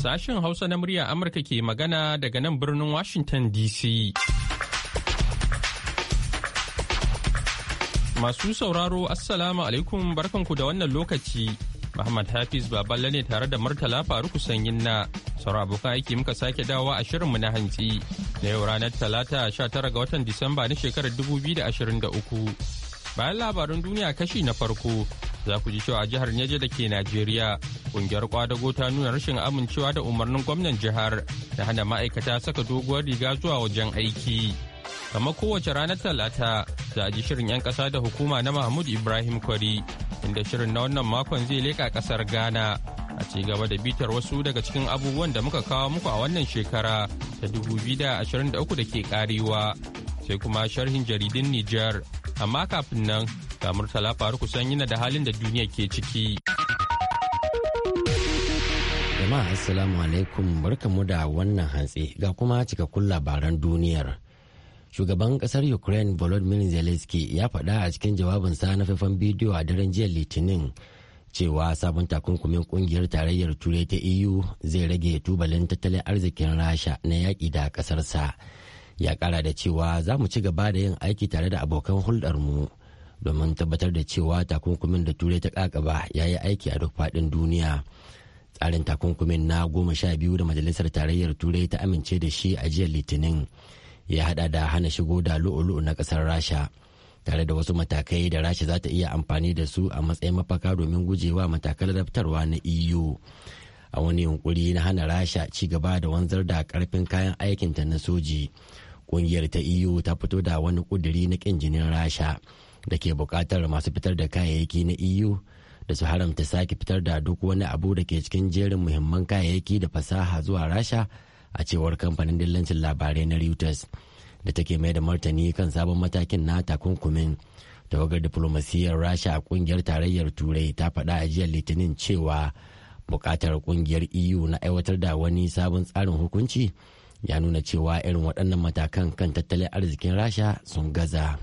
Sashen Hausa na murya Amurka ke magana daga nan birnin Washington DC. Masu sauraro Assalamu alaikum barkanku da wannan lokaci. Muhammad Hafiz Baballe ne tare da Murtala Faruku Sanyin na sauran abokan aiki muka sake dawowa a shirinmu na hantsi na yau ranar Talata 19 ga watan Disamba na shekarar 2023. Bayan labarin duniya kashi na farko za ku ji cewa a jihar Neja da ke Najeriya kungiyar kwadago ta nuna rashin amincewa da umarnin gwamnan jihar da hana ma'aikata saka doguwar riga zuwa wajen aiki. Kamar kowace ranar Talata za a ji shirin 'yan ƙasa da hukuma na Mahmud Ibrahim Kwari inda shirin na wannan makon zai leƙa ƙasar Ghana a ci gaba da bitar wasu daga cikin abubuwan da muka kawo muku a wannan shekara ta 2023 da ke karewa sai kuma sharhin jaridin Nijar. amma kafin nan ga murtala faru yana da halin da duniya ke ciki. Jama'a Assalamu alaikum barkamu da wannan hantsi ga kuma cikakkun labaran duniyar. Shugaban kasar Ukraine Volodymyr Zelensky ya faɗa a cikin jawabinsa na faifan bidiyo a daren jiya Litinin cewa sabon takunkumin kungiyar tarayyar Turai ta EU zai rage tubalin tattalin arzikin Rasha na yaƙi da ƙasarsa. sa. ya kara da cewa za mu ci gaba da yin aiki tare da abokan hulɗarmu domin tabbatar da cewa takunkumin da turai ta kakaba ya yi aiki a duk faɗin duniya tsarin takunkumin na goma sha biyu da majalisar tarayyar turai ta amince da shi a jiya litinin ya hada da hana shigo da lu'u-lu'u na ƙasar rasha tare da wasu matakai da rasha za ta iya amfani da su a matsayin mafaka domin gujewa matakan rabtarwa na eu a wani yunkuri na hana rasha ci gaba da wanzar da karfin kayan aikinta na soji kungiyar ta eu ta fito da wani kuduri na kin jinin rasha da ke bukatar masu fitar da kayayyaki na eu da su haramta sake fitar da duk wani abu da ke cikin jerin muhimman kayayyaki da fasaha zuwa rasha a cewar kamfanin dillancin labarai na reuters da take mai da martani kan sabon matakin na takunkumin tawagar diplomasiyyar rasha a kungiyar tarayyar turai ta faɗa a jiya litinin cewa buƙatar kungiyar eu na aiwatar da wani sabon tsarin hukunci ya nuna cewa irin waɗannan matakan kan tattalin arzikin rasha sun gaza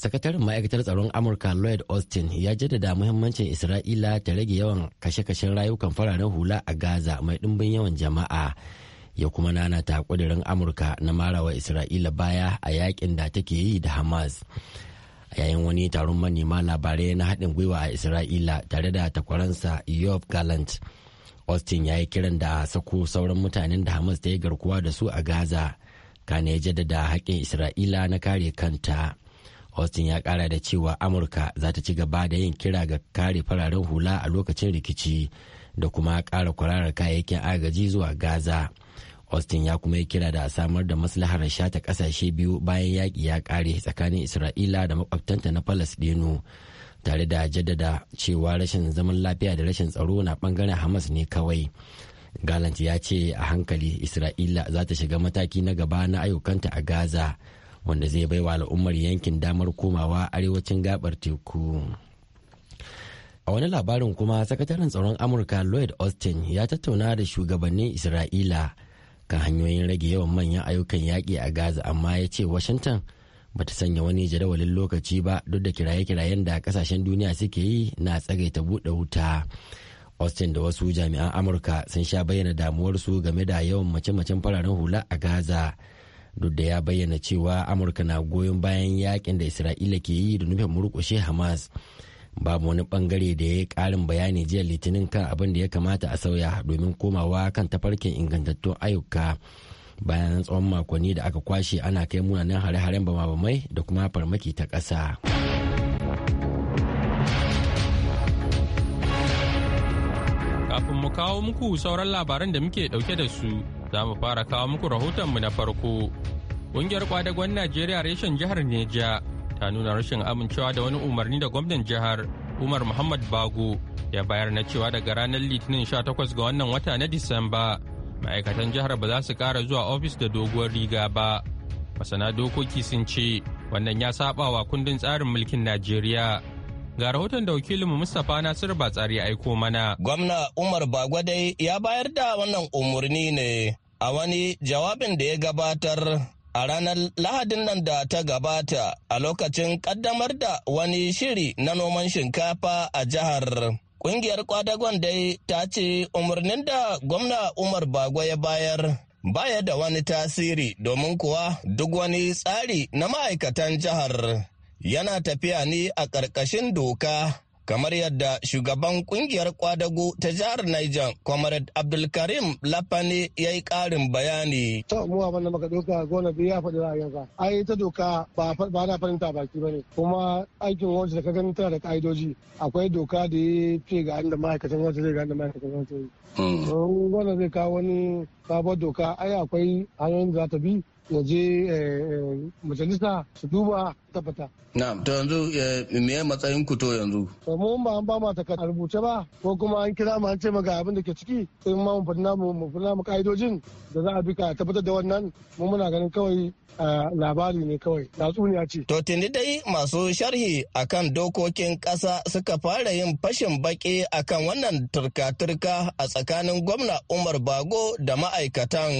sakataren ma'aikatar tsaron amurka lloyd austin ya jaddada muhimmancin isra'ila ta rage yawan kashe-kashen rayukan fararen hula a gaza mai ɗimbin yawan jama'a ya kuma nanata ƙudurin amurka na marawa isra'ila baya a yakin da take yi da hamas a yayin wani taron manema labarai na haɗin gwiwa a isra'ila tare da takwaransa yob gallant austin ya yi kiran da sako sauran mutanen da hamas ta yi garkuwa da su a gaza kane ya jaddada haƙƙin isra'ila na kare kanta austin ya ƙara da cewa amurka za ta ci gaba da yin kira ga kare fararen hula a lokacin rikici da kuma ƙara kwararar kayayyakin agaji zuwa gaza austin ya kuma yi kira da samar da maslahar shata ƙasashe biyu bayan yaƙi ya ƙare tsakanin isra'ila da makwabtanta na falasɗinu tare da jaddada cewa rashin zaman lafiya da rashin tsaro na bangaren hamas ne kawai galant ya ce a hankali isra'ila za ta shiga mataki na gaba na ayyukanta a gaza wanda zai bai wa al'ummar yankin damar komawa arewacin gabar teku a wani labarin kuma sakataren tsaron amurka lloyd austin ya tattauna da shugabannin isra'ila kan hanyoyin rage yawan manyan ayyukan yaƙi a gaza amma ya ce washington bata sanya wani jadawalin lokaci ba duk da kiraye-kirayen da kasashen duniya suke yi na tsagaita buɗe wuta austin da wasu jami'an amurka sun sha bayyana damuwarsu game da yawan mace-macen fararen hula a gaza duk da ya bayyana cewa amurka na goyon bayan yakin da isra'ila ke yi da nufin murkushe hamas babu wani bangare da ya yi karin bayani jiya litinin kan abin da ya kamata a sauya domin komawa kan tafarkin ingantattun ayyuka bayan tsawon makonni da aka kwashe ana kai munanan hare-haren bama-bamai da kuma farmaki ta ƙasa. Kafin mu kawo muku sauran labaran da muke ɗauke da su, za mu fara kawo muku rahotonmu na farko. Ƙungiyar kwadagon Najeriya reshen jihar Neja ta nuna rashin amincewa da wani umarni da gwamnan jihar Umar Muhammad Bago ya bayar na cewa daga ranar Litinin 18 ga wannan wata na Disamba ma'aikatan jihar ba za su kara zuwa ofis da doguwar riga ba masana dokoki sun ce wannan ya saba wa kundin tsarin mulkin najeriya ga rahoton da wakilinmu Mustapha Nasiru Batsari ya aiko mana. Gwamna Umar Bagwadai ya bayar da wannan umarni ne a wani jawabin da ya gabatar a ranar Lahadin nan da ta gabata a lokacin kaddamar da wani shiri na noman shinkafa a jihar. Ƙungiyar kwadagon dai ta ce umarnin da gwamna Umar Bago ya bayar baya da wani tasiri domin kuwa duk wani tsari na ma'aikatan jihar yana tafiya ne a ƙarƙashin doka kamar yadda shugaban kungiyar kwadago ta jihar Niger, Comrade Abdulkarim Lafani ya yi ƙarin bayani. To mu abin da muka doka gona biyu ya faɗi ra'ayinsa. Ai ta doka ba ba na farinta baki ba ne. Kuma aikin wanda da ka gani tana da ka'idoji. Akwai doka da ya fi ga inda ma'aikatan wanda zai ga inda ma'aikatan wanda zai. Hmm. Gona zai kawo wani sabon doka ai akwai hanyoyin za ta bi waje eh, eh, majalisa su duba tabbata. Na, to yanzu eh, me ya matsayin ku to yanzu? To mu ba an ba mu ta rubuce ba ko kuma an kira mu an ce ga abin da ke ciki sai ma mu fadna mu mu fadna mu ka'idojin da za a bi ka tabbatar da wannan mu muna ganin kawai labari ne kawai tsuniya ce. To tuni dai masu sharhi akan dokokin ƙasa suka fara yin fashin baki akan wannan turka-turka a tsakanin gwamna Umar Bago da ma'aikatan.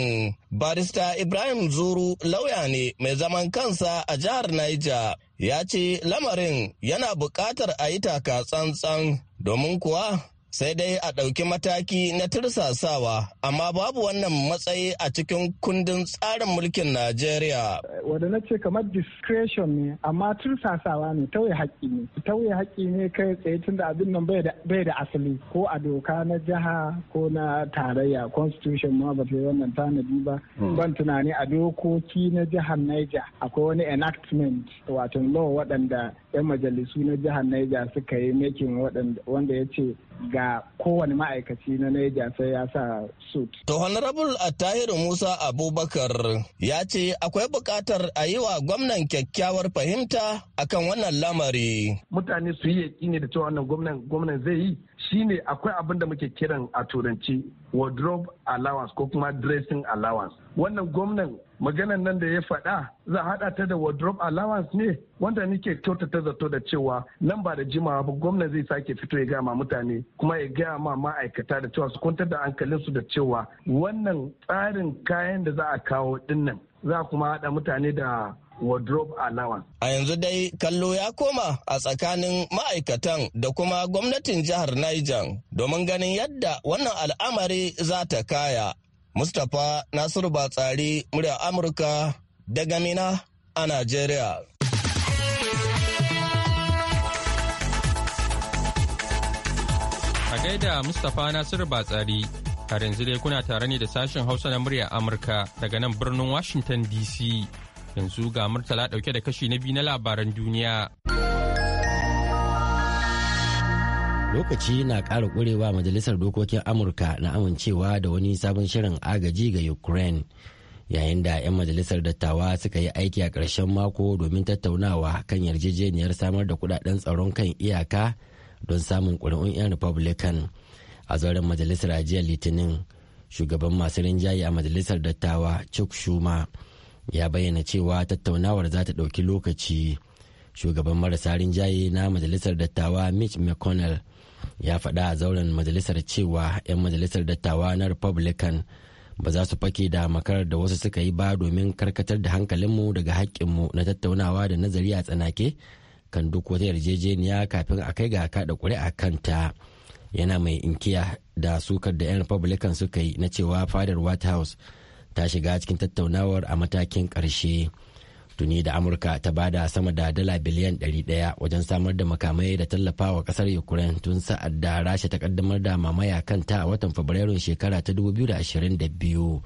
Barista Ibrahim Zuru Umaru lauya ne mai zaman kansa a jihar Niger ya ce lamarin yana bukatar a yi taka tsantsan domin kuwa sai dai a ɗauki mataki na tirsasawa amma babu wannan matsayi a cikin kundin tsarin mulkin najeriya wadda na ce kamar discretion ne amma tirsasawa ne tauye haƙƙi ne tauye haƙƙi ne kai tsaye tun da abin nan bai da asali ko a doka na jiha ko na tarayya constitution ma ba wannan tanadi ba hmm. ban tunani a dokoki na jihar niger akwai wani enactment wato law waɗanda 'yan majalisu na jihar Niger suka yi mekin wanda ya ce ga kowane ma'aikaci na Niger sai ya sa suit. To Honorable Attahiru Musa Abubakar ya ce akwai buƙatar a yi wa gwamnan kyakkyawar fahimta akan wannan lamari. Mutane su yi ne da cewa wannan gwamnan gwamnan zai yi shine akwai abin da muke kiran a turanci wardrobe allowance ko kuma dressing allowance. Wannan gwamnan maganan nan da ya faɗa za haɗa ta da wardrobe allowance ne wanda nike kyautata zato da cewa nan ba da jimawa ba gwamna zai sake fito ya gama mutane kuma ya gaya ma ma'aikata da cewa su kwantar da hankalinsu da cewa wannan tsarin kayan da za a kawo dinnan za kuma haɗa mutane da wardrobe allowance. A yanzu dai kallo ya koma a tsakanin ma'aikatan da kuma gwamnatin jihar Niger domin ganin yadda wannan al'amari za ta kaya. Mustapha Nasiru Batsari murya Amurka daga Mina a Najeriya. A gaida Mustapha Nasiru Batsari, har yanzu dai kuna tare ne da sashen Hausa na murya Amurka daga nan birnin Washington DC. Yanzu ga Murtala ɗauke da kashi na biyu na labaran duniya. lokaci na kara kurewa majalisar dokokin amurka na amincewa da wani sabon shirin agaji ga ukraine yayin da 'yan majalisar dattawa suka yi aiki a ƙarshen mako domin tattaunawa kan yarjejeniyar samar da kudaden tsaron kan iyaka don samun ƙuri'un 'yan republican a zauren majalisar ajiyar litinin shugaban masu rinjaye a majalisar dattawa chuck schumer ya bayyana cewa tattaunawar za ta ɗauki lokaci shugaban marasa rinjaye na majalisar dattawa mitch mcconnell ya faɗa a zauren majalisar cewa 'yan majalisar dattawa na republican ba za su fake da makarar da wasu suka yi ba domin karkatar da hankalinmu daga haƙƙinmu na tattaunawa da nazari a tsanake kan duk wata yarjejeniya kafin a kai ga kaɗa ƙuri'a kanta yana mai inkiya da sukar da 'yan republican suka yi na cewa fadar white house ta shiga cikin tattaunawar a matakin ƙarshe. tuni da amurka ta bada sama da dala biliyan 100 wajen samar da makamai da tallafawa kasar ukraine tun sa'ad da rasha ta kaddamar da mamaya kanta a watan fabrairun shekara ta 2022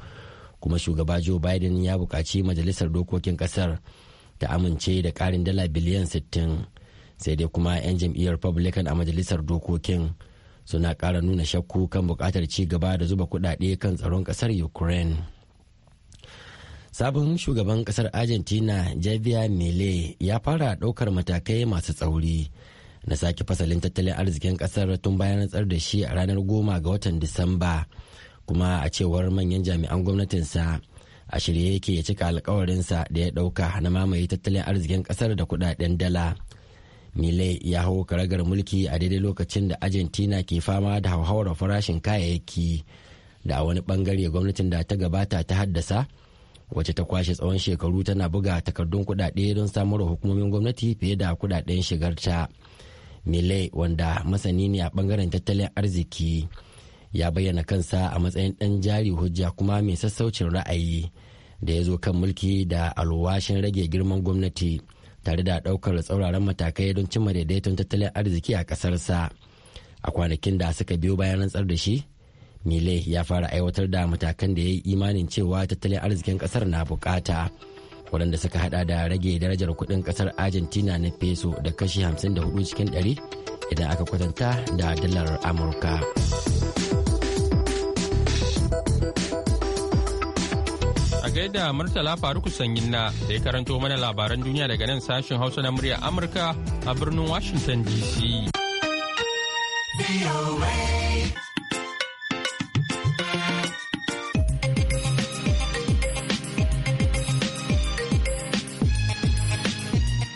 kuma shugaba joe biden ya buƙaci majalisar dokokin ƙasar ta amince da ƙarin dala biliyan 60 sai dai kuma 'yan jam'iyyar republican a majalisar dokokin suna ƙara nuna shakku kan buƙatar ci gaba da zuba kuɗaɗe kan tsaron ƙasar ukraine sabon shugaban kasar argentina javier mele ya fara ɗaukar matakai masu tsauri na sake fasalin tattalin arzikin kasar tun bayan rantsar da shi a ranar goma ga watan disamba kuma a cewar manyan jami'an gwamnatinsa a shirye yake ya cika alkawarinsa da ya ɗauka na mamaye tattalin arzikin kasar da kudaden dala Mele ya hau karagar mulki a daidai lokacin da argentina ke fama da hauhawar farashin kayayyaki da a wani bangare gwamnatin da ta gabata ta haddasa wacce ta kwashe tsawon shekaru tana buga takardun kudade don samar wa hukumomin gwamnati fiye da kudaden shigarta mile wanda masani ne a bangaren tattalin arziki ya bayyana kansa a matsayin dan jari hujja kuma mai sassaucin ra'ayi da ya zo kan mulki da alwashin rage girman gwamnati tare da ɗaukar tsauraran matakai don cimma daidaiton tattalin arziki a kasarsa a kwanakin da suka biyo bayan rantsar da shi Nile ya fara aiwatar da matakan da ya yi imanin cewa tattalin arzikin kasar na bukata waɗanda suka hada da rage darajar kuɗin kasar argentina na peso da kashi 54 cikin 100 idan aka kwatanta da dalar amurka a gaida murtala faruk sanyin na da ya karanto mana labaran duniya daga nan sashen hausa na murya amurka a birnin washington dc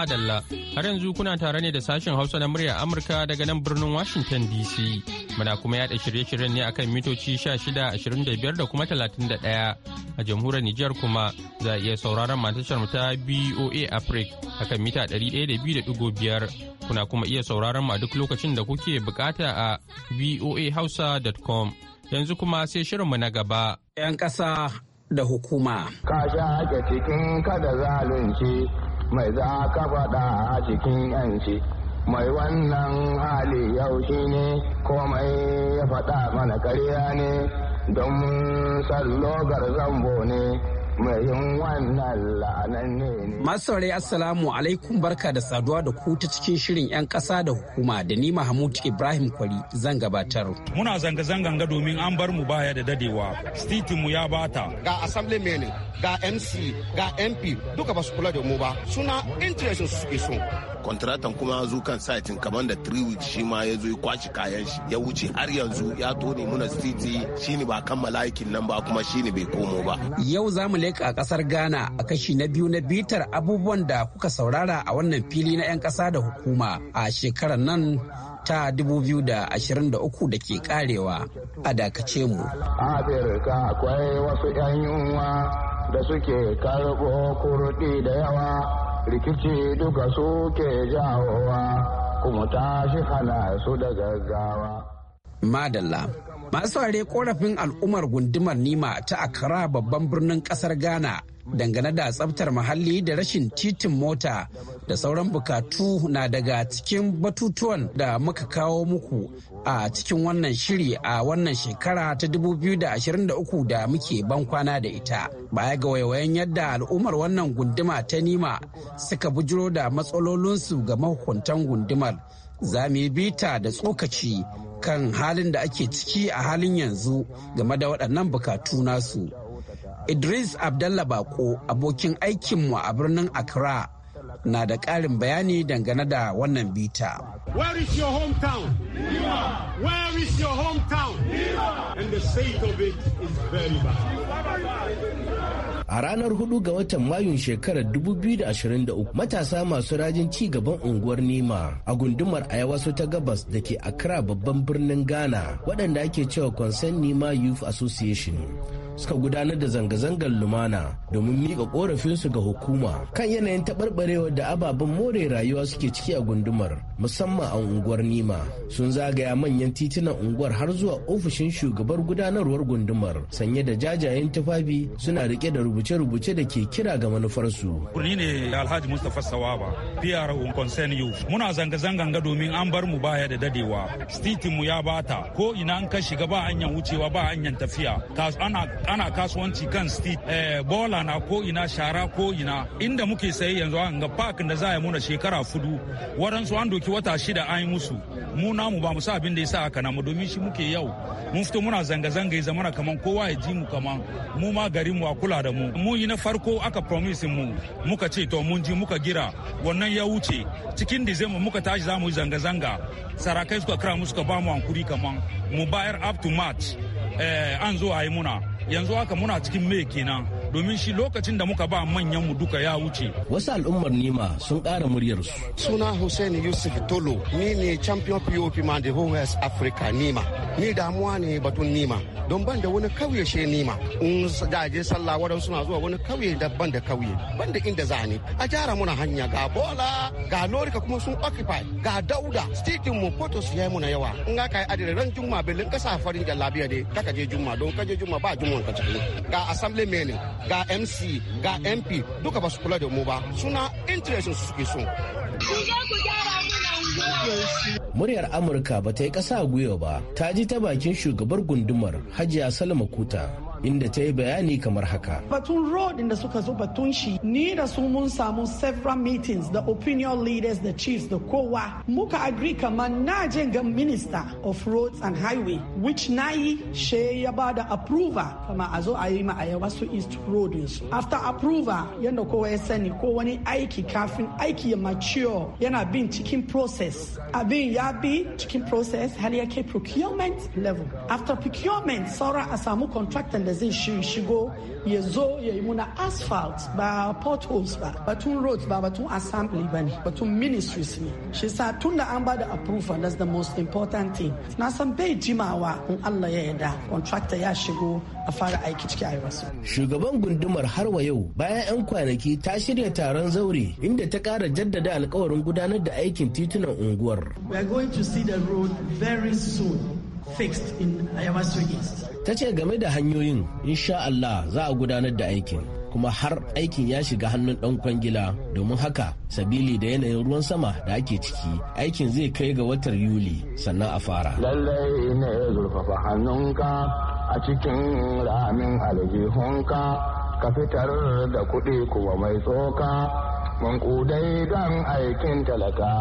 Madalla, har yanzu kuna tare ne da sashen Hausa na murya Amurka daga nan birnin Washington DC. Muna kuma yada shirye-shiryen ne akan mitoci 16, 25 da kuma 31. A jamhuriyar Nijar kuma za a iya sauraron matashar ta BOA Africa akan mita 102.5. Kuna kuma iya sauraron mu a duk lokacin da kuke bukata a boahausa.com. Yanzu kuma sai shirinmu na gaba. 'Yan ƙasa da hukuma. Ka sha cikin kada zalunci mai za ka faɗa a cikin yanci mai wannan hali yau shi ne komai ya faɗa mana karya ne don sallogar zambo ne Masu saurari Assalamu alaikum barka da saduwa da ku ta cikin shirin 'yan ƙasa da hukuma da ni Mahmud Ibrahim Kwari zan gabatar. Muna zanga-zangan ga domin an bar mu baya da dadewa. mu ya bata. Ga assembly mene, ga MC, ga MP duka ba su kula da mu ba. Suna interest su suke so. Kontratan kuma ya zo kan saitin kamar da 3 weeks shi ma ya zo ya kwaci kayan shi ya wuce har yanzu ya tone muna stiti shine ba kammala aikin nan ba kuma shine bai komo ba. Yau za mu Lake a kasar Ghana a kashi na biyu na bitar abubuwan da kuka saurara a wannan fili na 'yan kasa da hukuma a shekarar nan ta 2023 da ke karewa a dakace mu. Afirka akwai wasu 'yan yunwa da suke karɓo kurɗi da yawa rikici duka suke jawowa kuma tashi hana su da gaggawa. Madalla. Masu ware korafin al'ummar gundumar Nima ta akara babban birnin kasar Ghana dangane da tsabtar muhalli da rashin titin mota da sauran bukatu na daga cikin batutuwan da muka kawo muku a cikin wannan shiri a wannan shekara ta 2023 da muke ban kwana da ita baya ga waiwayen yadda al'ummar wannan gunduma ta nima suka bujiro da matsalolinsu ga mahukuntan gundumar za mu yi bita da tsokaci kan halin da ake ciki a halin yanzu game da waɗannan bukatu nasu. Idris Abdallah Bako abokin aikinmu a birnin Accra na da ƙarin bayani dangane da wannan bita. Where is your hometown? Lima. Where is your hometown? Lima. And the state of it is very bad. A ranar 4 ga watan Mayun shekarar 2023 matasa masu rajin ci gaban unguwar nema a gundumar Ayawaso ta gabas da ke Accra babban birnin Ghana waɗanda ake cewa Concern Nima Youth Association suka gudanar da zanga-zangar lumana domin miƙa ƙorafinsu ga hukuma kan yanayin taɓarɓarewar da ababen more rayuwa suke ciki a gundumar musamman a unguwar Nima sun zagaya manyan titunan unguwar har zuwa ofishin shugabar gudanarwar gundumar sanye da jajayen tufafi suna riƙe da rubutu rubuce-rubuce da ke kira ga manufarsu. Ni ne Alhaji Mustapha Sawaba, PRO Concern Youth. Muna zanga-zangan ga domin an bar mu baya da dadewa. Stitin mu ya bata, ko ina an ka shiga ba hanyar wucewa ba hanyar tafiya. Ana, kasuwanci kan stit, eh, bola na ko ina shara ko ina. Inda muke saye yanzu an ga park da za a muna shekara fudu, waɗansu an doki wata shida an yi musu. Mu namu ba mu sa abin da ya sa haka namu domin shi muke yau. Mun fito muna zanga-zanga ya zamana kamar kowa ya ji mu kamar mu ma garin mu a kula da mu. mun yi na farko aka promise mu muka ce to mun ji muka gira wannan ya wuce cikin disema muka tashi za mu yi zanga-zanga sarakai suka kira mu suka ba mu hankuri kaman mu bayar up to march eh, an zo a yi muna yanzu haka muna cikin mai kenan domin shi lokacin da muka ba manyan mu duka ya wuce wasu al'ummar nima sun ƙara muryar su suna hussein yusuf tolo ni ne champion pop man the whole west africa nima ni damuwa ne batun nima don ban da wani kauye she nima in gaje sallah wadan suna zuwa wani kauye da ban da kauye ban da inda zani a jara muna hanya ga bola ga lorika kuma sun occupy ga dauda stikin mu photos ya muna yawa in aka yi adire ran juma belin kasa farin jallabiya ne kaka je juma don kaje juma ba juma ka ciki ga assembly meeting ga mc ga mp duka ba su kula da mu ba suna interest suke so Muryar Amurka ba ta yi ƙasa gwiwa ba, ta ji ta bakin shugabar gundumar Hajiya Salma Kuta. inda ta yi bayani kamar haka. Batun road da suka zo batun shi ni da su mun samu several meetings da opinion leaders da chiefs da kowa muka agree kamar na je ga minister of roads and highway which na yi she ya ba da approval kama a zo a yi ma a wasu east road after approval yadda kowa ya sani ko wani aiki kafin aiki ya mature yana bin cikin process abin ya bi cikin process har ya kai procurement level after procurement saura a samu contractor da zai shigo ya zo ya yi muna asphalt ba potholes ba batun roads ba batun assembly ba ne batun ministries ne shi sa tun da an ba da approval that's the most important thing na san bai jimawa in Allah ya yarda contractor ya shigo a fara aiki ciki a shugaban gundumar harwa yau bayan yan kwanaki ta shirya taron zaure inda ta kara jaddada alkawarin gudanar da aikin titunan unguwar we are going to see the road very soon fixed in ayawaso East. ta ce game da hanyoyin insha Allah za a gudanar da aikin kuma har aikin ya shiga hannun ɗan kwangila domin haka sabili da yanayin ruwan sama da ake ciki aikin zai kai ga watan yuli sannan a fara lallai ne zurfafa hannunka a cikin ramin aljihunka ka fitar da kuɗi kuma mai tsoka mankudai don aikin talaka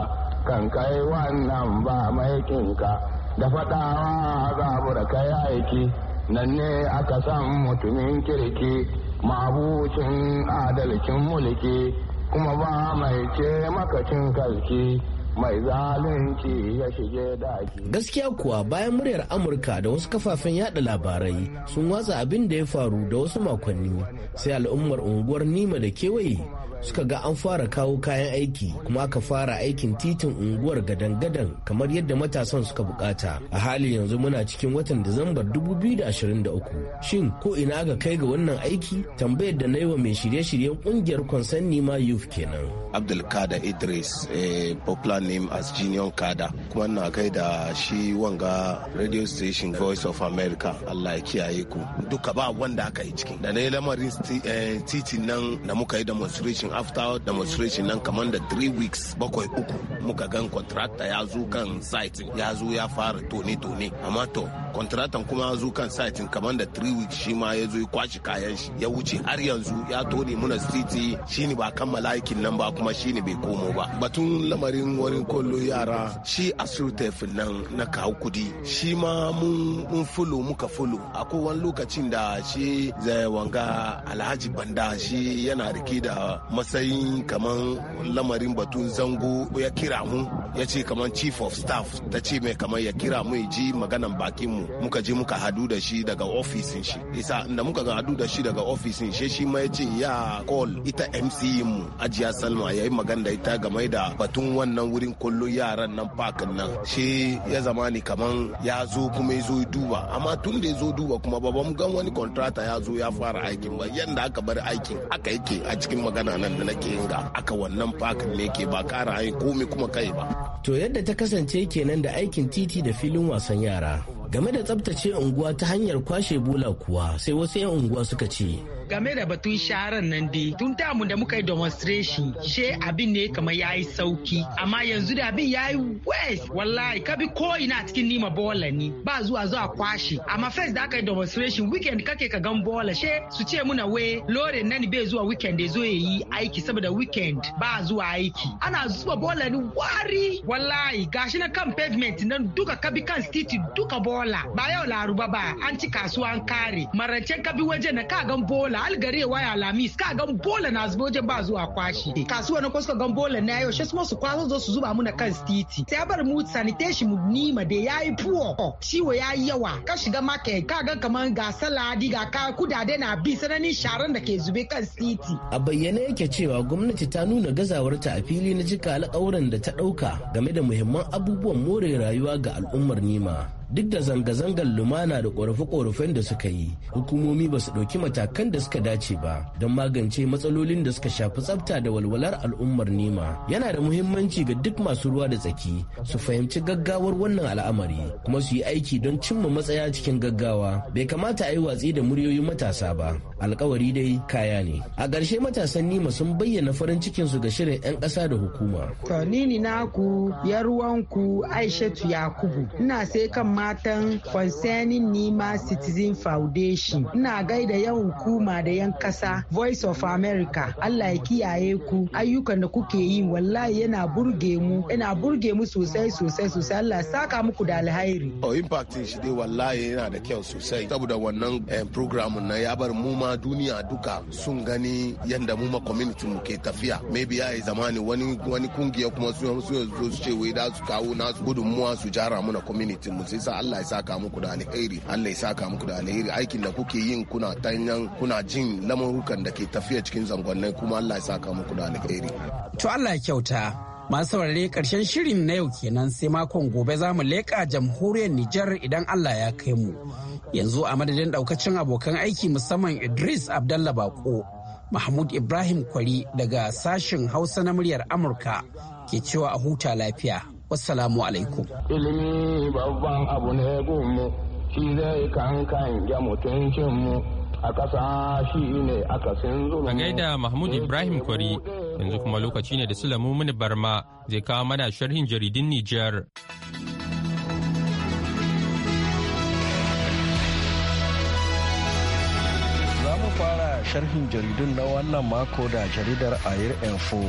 kan kai wannan ba maikinka da faɗawa za mu kai aiki nan ne aka san mutumin kirki mabucin adalcin mulki kuma ba mai ce makacin kalki mai zalunci ya shige daki. Gaskiya kuwa bayan muryar Amurka da wasu kafafen yada labarai sun watsa abin da ya faru da wasu makonni sai al'ummar unguwar Nima da kewaye suka ga an fara kawo kayan aiki kuma aka fara aikin titin unguwar gadan-gadan kamar yadda matasan suka bukata a halin yanzu muna cikin watan disambar 2023 shin ko ina ga kai ga wannan aiki tambayar da na yi wa mai shirye-shiryen kungiyar konsan nima youth kenan abdulkada idris a eh, popular name as junior kada kuma na kai da shi wanga radio station voice of america allah ya kiyaye ku duka ba wanda aka yi cikin da na yi lamarin eh, titin nan da muka yi demonstration lokacin after demonstration nan kamar da 3 weeks bakwai uku muka gan contractor ya zo kan site ya zo ya fara tone-tone amma to contractor kuma ya zo kan site kamar da 3 weeks shi ma ya zo ya kwashi kayan shi ya wuce har yanzu ya tone muna street shine ba kammala aikin nan ba kuma shine bai komo ba batun lamarin wurin kollo yara shi asirtef nan na kawo kudi shi ma mun fulo muka fulo akwai wani lokacin da shi zai eh, wanga alhaji banda shi yana rike da matsayin kaman lamarin batun zango ya kira mu ya ce kaman chief of staff ta ce mai kaman ya kira mu ya ji maganan bakin mu muka je muka hadu da shi daga ofisin shi isa inda muka ga hadu da shi daga ofisin shi shi ma ya ce ya call ita mc mu ajiya salma ya yi magana da ita game da batun wannan wurin kullu yaran nan pakin nan shi ya zama ni kaman ya zo kuma ya zo duba amma tun da ya zo duba kuma babban gan wani contractor ya zo ya fara aikin ba yanda aka bar aikin aka yake a cikin magana na maganar da nake yin ga aka wannan fakin ne ke ba kara hain komi kuma kai ba. To yadda ta kasance kenan da aikin titi da filin wasan yara. game da tsabtace unguwa ta hanyar kwashe bula kuwa sai wasu 'yan unguwa suka ce game da batun sharan nan dai tun tamu da muka yi demonstration she abin ne kamar ya yi sauki amma yanzu da abin ya yi west wallahi ka ko ina cikin nima bola ne ba zuwa zuwa kwashe amma first da aka yi demonstration weekend kake ka gan bola she su ce muna we lore nan bai zuwa weekend ya zo ya yi aiki saboda weekend ba zuwa aiki ana zuwa bola ni wari wallahi gashi na kan pavement nan duka ka bi kan titi duka bola bola ba yau laruba ba an ci kasuwa an kare marance ka bi wajen na ka gan bola algare waya lamis ka gan bola na zuba wajen ba zuwa kwashi kasuwa na kosko gan bola na yau shesmo su kwaso zo su zuba muna kan titi sai bar mu sanitation mu nima da yayi puo ciwo yayi yawa ka shiga market ka gan kaman ga saladi ga ka kudade na bi sananin sharan da ke zube kan titi a bayyane yake cewa gwamnati ta nuna gazawarta a fili na jika alƙawuran da ta ɗauka game da muhimman abubuwan more rayuwa ga al'ummar nima duk da zanga-zangar lumana da ƙorafe-ƙorafen da suka yi hukumomi ba su ɗauki matakan da suka dace ba don magance matsalolin da suka shafi tsabta da walwalar al'ummar nema yana da muhimmanci ga duk masu ruwa da tsaki su fahimci gaggawar wannan al'amari kuma su yi aiki don cimma matsaya cikin gaggawa bai kamata a yi watsi da muryoyin matasa ba alkawari dai kaya ne a ƙarshe matasan nema sun bayyana farin cikin su ga shirin 'yan ƙasa da hukuma. to ni naku yaruwanku aishatu yakubu ina sai kan matan concerning nima citizen foundation ina gaida yan hukuma da yan kasa voice of america allah ya kiyaye ku ayyukan da kuke yi wallahi yana burge mu yana burge mu sosai sosai sosai allah saka muku da alhairi oh impact shi dai wallahi yana da kyau sosai saboda wannan eh, program na ya bar mu ma duniya duka sun gani yanda mu ma community mu ke tafiya maybe ya yi zamani wani wani kungiya kuma su zo su ce wai da su kawo nasu gudunmuwa su jara na community mu sai sa Allah ya saka muku da alheri Allah ya saka muku da alheri aikin da kuke yin kuna tanyan kuna jin lamurukan da ke tafiya cikin zangonnin kuma Allah ya saka muku da alheri to Allah ya kyauta masu saurare karshen shirin na yau kenan sai makon gobe za mu leƙa jamhuriyar Nijar idan Allah ya kai mu. Yanzu a madadin daukacin abokan aiki musamman Idris Abdallah Bako, Mahmud Ibrahim Kwari daga sashen Hausa na muryar Amurka ke cewa a huta lafiya. wassalamu alaikum ilimi babban abu ne gunmu shi zai kankan ya mutuncinmu a ƙasa shi ne a kasin zulumi a gaida mahmud ibrahim kwari yanzu kuma lokaci ne da sulamu mini barma zai kawo mana sharhin jaridin nijar sharhin jaridun na wannan mako da jaridar air info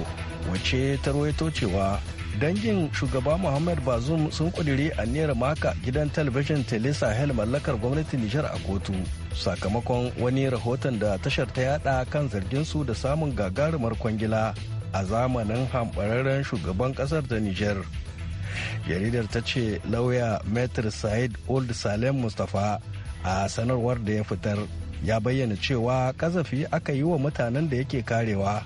wace ta rawaito cewa dangin shugaba muhammad bazum sun a aniyar maka gidan talabijin telisa sahel mallakar gwamnatin nijar a kotu sakamakon wani rahoton da tashar ta yada kan zargin su da samun gagarumar kwangila a zamanin hambararren shugaban kasar da nijar jaridar ta ce lauya metr said old salem mustapha a sanarwar da ya fitar ya bayyana cewa kazafi aka yi wa mutanen da yake karewa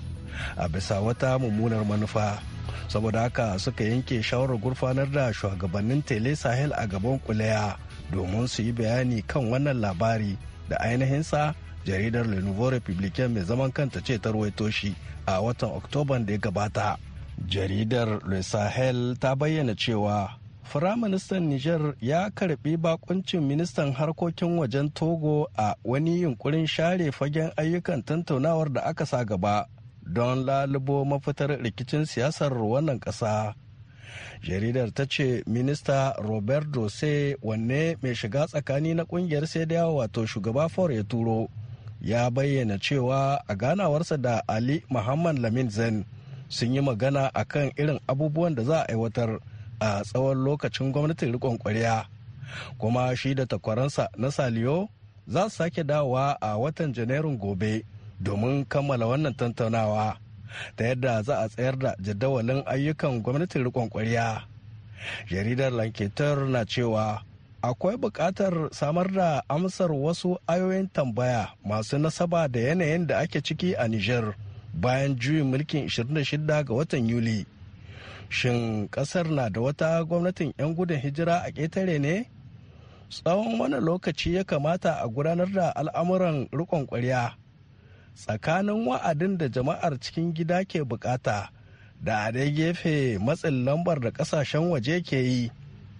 a bisa wata mummunar manufa saboda haka suka yanke shawarar gurfanar da shugabannin tele sahel a gaban kulaya domin su yi bayani kan wannan labari da ainihin sa jaridar le nouveau mai zaman kanta ce ta ruwaito shi a watan oktoban da ya gabata jaridar le sahel ta bayyana cewa firaministan niger ya karbi bakuncin ministan harkokin wajen togo a wani yunkurin share fagen ayyukan tantaunawar da aka sa gaba don lalubo mafitar rikicin siyasar wannan ƙasa. jaridar ta ce minista robert dose wanne mai shiga tsakani na kungiyar sai da wato shugaba for ya turo ya bayyana cewa a ganawarsa da ali muhammad lamin zen sun yi magana a kan irin abubuwan da za a aiwatar a tsawon lokacin gwamnatin rikon kwarya kuma shi da takwaransa na saliyo za su sake dawowa a watan janairun gobe domin kammala wannan tantanawa ta yadda za a tsayar da jadawalin ayyukan gwamnatin rikon kwarya jaridar lanketar na cewa akwai buƙatar samar da amsar wasu ayoyin tambaya masu nasaba da yanayin da ake ciki a niger bayan juyin mulkin 26 ga watan yuli shin ƙasar na da wata gwamnatin 'yan gudun hijira a ƙetare ne tsawon wani lokaci ya kamata a gudanar da al'amuran rikon kwarya tsakanin wa'adin da jama'ar cikin gida ke bukata da a dai gefe matsin lambar da kasashen waje ke yi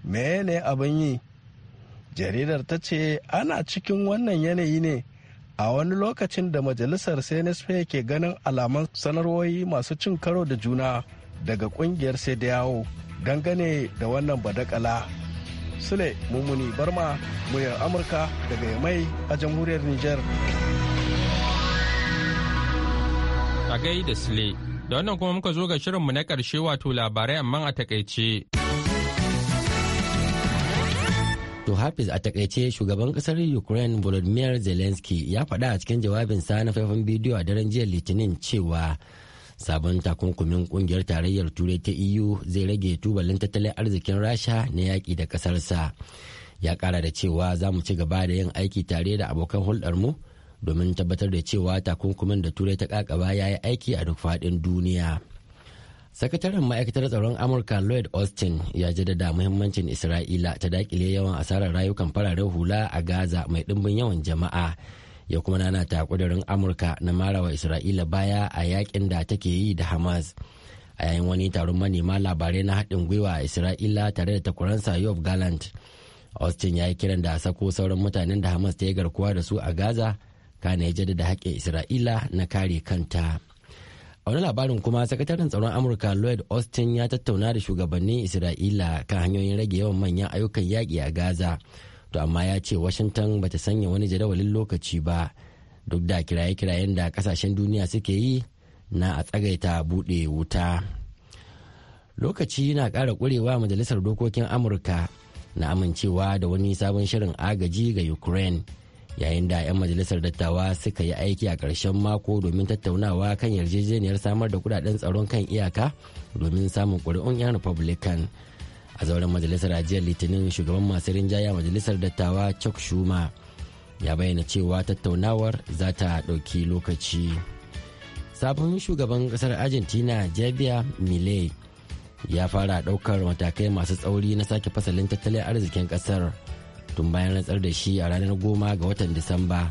mene abin yi jaridar ta ce ana cikin wannan yanayi ne a wani lokacin da majalisar cnsp ke ganin alaman sanarwoyi masu cin karo da juna daga kungiyar yawo dangane da wannan badakala sule mummuni barma muryar amurka daga yamai a jamhuriyar niger a da Sile. Da wannan kuma muka zo ga shirinmu na ƙarshe wato labarai amma a takaice. To Hafiz a takaice shugaban ƙasar Ukraine Volodymyr Zelensky ya faɗa a cikin jawabinsa na faifan bidiyo a daren jiya Litinin cewa sabon takunkumin ƙungiyar tarayyar turai ta EU zai rage tubalin tattalin arzikin Rasha na yaƙi da ƙasarsa. Ya ƙara da cewa za mu ci gaba da yin aiki tare da abokan hulɗarmu mu domin tabbatar da cewa takunkumin da turai ta kakaba ya yi aiki a duk faɗin duniya sakataren ma'aikatar tsaron amurka lloyd austin ya jaddada muhimmancin isra'ila ta dakile yawan asarar rayukan fararen hula a gaza mai ɗimbin yawan jama'a ya kuma nana ta kudurin amurka na marawa isra'ila baya a yakin da take yi da hamas a yayin wani taron manema labarai na haɗin gwiwa a isra'ila tare da takuransa yob gallant austin ya yi kiran da sako sauran mutanen da hamas ta yi garkuwa da su a gaza kana ya jaddada haƙƙin isra'ila na kare kanta a wani labarin kuma sakataren tsaron amurka lloyd austin ya tattauna da shugabannin isra'ila kan hanyoyin rage yawan manyan ayyukan yaƙi a gaza to amma ya ce washington bata sanya wani jadawalin lokaci ba duk da kiraye-kirayen da kasashen duniya suke yi na a tsagaita buɗe wuta lokaci na ƙara ƙurewa majalisar dokokin amurka na amincewa da wani sabon shirin agaji ga ukraine yayin da 'yan majalisar dattawa suka yi aiki a ƙarshen mako domin tattaunawa kan yarjejeniyar samar da kudaden tsaron kan iyaka domin samun ƙuri'un 'yan republican a zauren majalisar ajiyar litinin shugaban masu rinjaya majalisar dattawa chuck schumer ya bayyana cewa tattaunawar za ta ɗauki lokaci sabon shugaban ƙasar argentina javier milei ya fara ɗaukar matakai masu tsauri na sake fasalin tattalin arzikin ƙasar tun bayan rantsar da shi a ranar goma ga watan disamba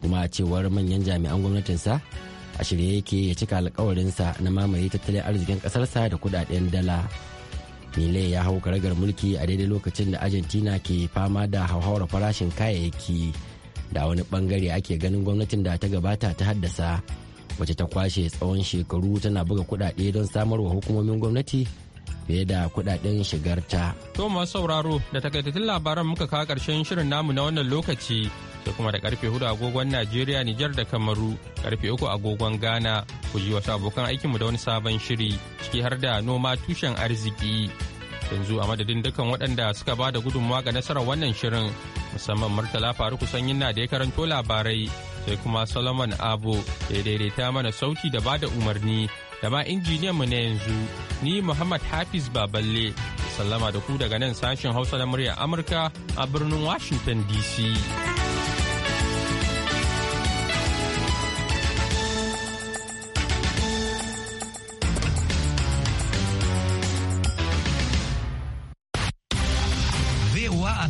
kuma a cewar manyan jami'an gwamnatinsa a shirye yake ya cika alkawarinsa na mamaye tattalin arzikin ƙasarsa da kudaden dala nile ya hau karagar mulki a daidai lokacin da argentina ke fama da hauhawar farashin kayayyaki da wani bangare ake ganin gwamnatin da ta gabata ta haddasa wacce ta kwashe tsawon shekaru tana buga kudade don samarwa hukumomin gwamnati fiye da kudaden shigarta. To masu sauraro da takaitattun labaran muka kawo karshen shirin namu na wannan lokaci sai kuma da karfe hudu agogon Najeriya Nijar da Kamaru karfe uku agogon Ghana ku ji wasu abokan aikinmu da wani sabon shiri ciki har da noma tushen arziki. Yanzu a madadin dukkan waɗanda suka ba da gudunmawa ga nasarar wannan shirin musamman Murtala Faruku Sanyin na da ya karanto labarai sai kuma Solomon abu da ya daidaita mana sauti da ba da umarni da ma mu na yanzu ni Muhammad Hafiz Baballe sallama da ku daga nan sashen Hausa na muryar Amurka a birnin Washington DC.